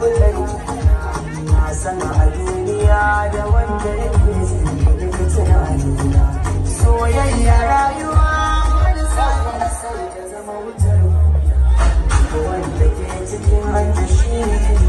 fulani na san a duniya da wanda yake da tunanina soyayya rayuwa wani sabon sai da zama wutar wanda ke cikin hanyar shi ne